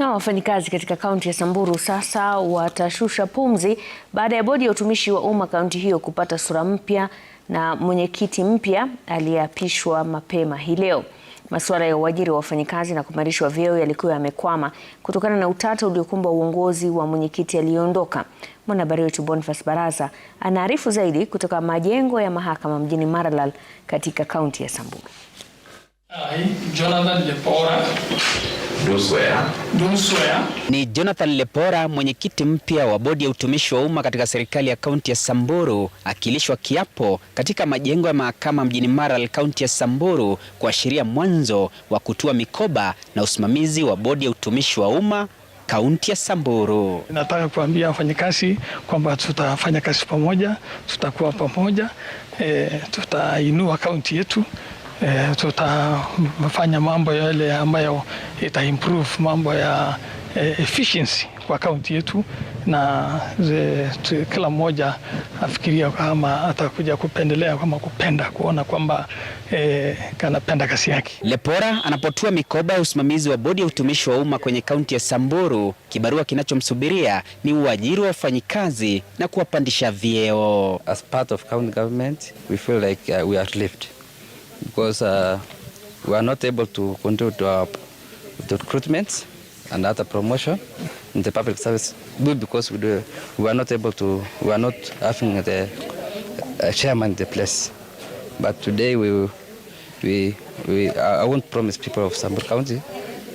Na wafanyikazi katika kaunti ya Samburu sasa watashusha pumzi baada ya bodi ya utumishi wa umma kaunti hiyo kupata sura mpya na mwenyekiti mpya aliyeapishwa mapema hii leo. Masuala ya uajiri wa wafanyikazi na kupandishwa vyeo yalikuwa yamekwama kutokana na utata uliokumba uongozi wa mwenyekiti aliyeondoka. Mwanahabari wetu Boniface Barasa anaarifu zaidi kutoka majengo ya mahakama mjini Maralal katika kaunti ya Samburu. Ni Jonathan Lepora mwenyekiti mpya wa bodi ya utumishi wa umma katika serikali ya kaunti ya Samburu akilishwa kiapo katika majengo ya mahakama mjini Maralal kaunti ya Samburu kuashiria mwanzo wa kutua mikoba na usimamizi wa bodi ya utumishi wa umma kaunti ya Samburu. Nataka kuambia wafanyakazi kwamba tutafanya kazi pamoja, tutakuwa pamoja, e, tutainua kaunti yetu e, tutafanya mambo yale ambayo ita improve mambo ya e, efficiency kwa kaunti yetu, na eh, kila mmoja afikiria kama atakuja kupendelea kama kupenda kuona kwamba e, kanapenda kasi yake. Lepora anapotua mikoba ya usimamizi wa bodi ya utumishi wa umma kwenye kaunti ya Samburu, kibarua kinachomsubiria ni uajiri wa wafanyikazi na kuwapandisha vyeo. As part of county government we feel like uh, we are lifted. because uh, we are not able to continue to our, the recruitment and other promotion in the public service because we, do, we are not able to, we are not having the uh, chairman in the place. But today we, we, we, I won't promise people of Samburu County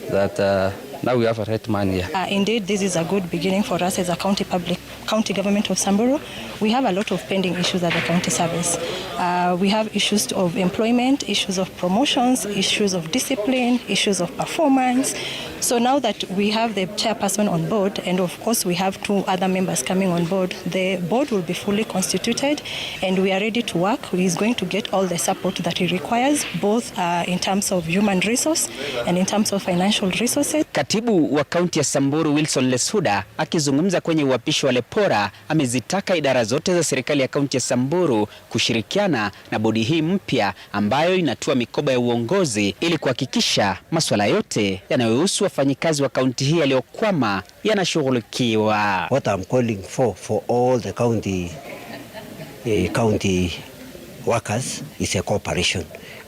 that uh, now we have a right man here. Uh, indeed, this is a good beginning for us as a county public, county government of Samburu. We have a lot of pending issues at the county service. Uh, we have issues of employment, issues of promotions, issues of discipline, issues of performance. So now that we have the chairperson on board, and of course we have two other members coming on board, the board will be fully constituted and we are ready to work. He is going to get all the support that he requires, both uh, in terms of human resource and in terms of financial resources. Katibu wa kaunti ya Samburu Wilson Lesuda akizungumza kwenye uapisho wa Lepora amezitaka idara zote za serikali ya kaunti ya Samburu kushirikiana na bodi hii mpya ambayo inatua mikoba ya uongozi ili kuhakikisha masuala yote yanayohusu wafanyikazi wa kaunti hii yaliyokwama yanashughulikiwa. What I'm calling for for all the county, eh, county workers is a cooperation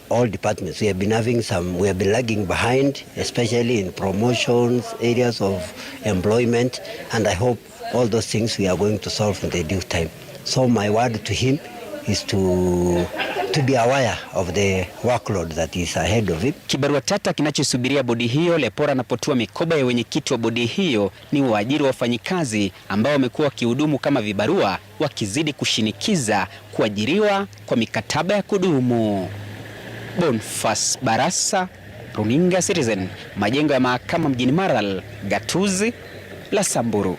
all departments. We have been having some, we have been lagging behind, especially in promotions, areas of employment, and I hope all those things we are going to solve in the due time. So my word to him is to, to be aware of the workload that is ahead of him. Kibarua tata kinachosubiria bodi hiyo Lepora anapotua mikoba ya wenyekiti wa bodi hiyo ni waajiri wa wafanyikazi ambao wamekuwa wakihudumu kama vibarua wakizidi kushinikiza kuajiriwa kwa mikataba ya kudumu. Bonfas Barasa, Runinga Citizen, majengo ya mahakama mjini Maralal, gatuzi la Samburu.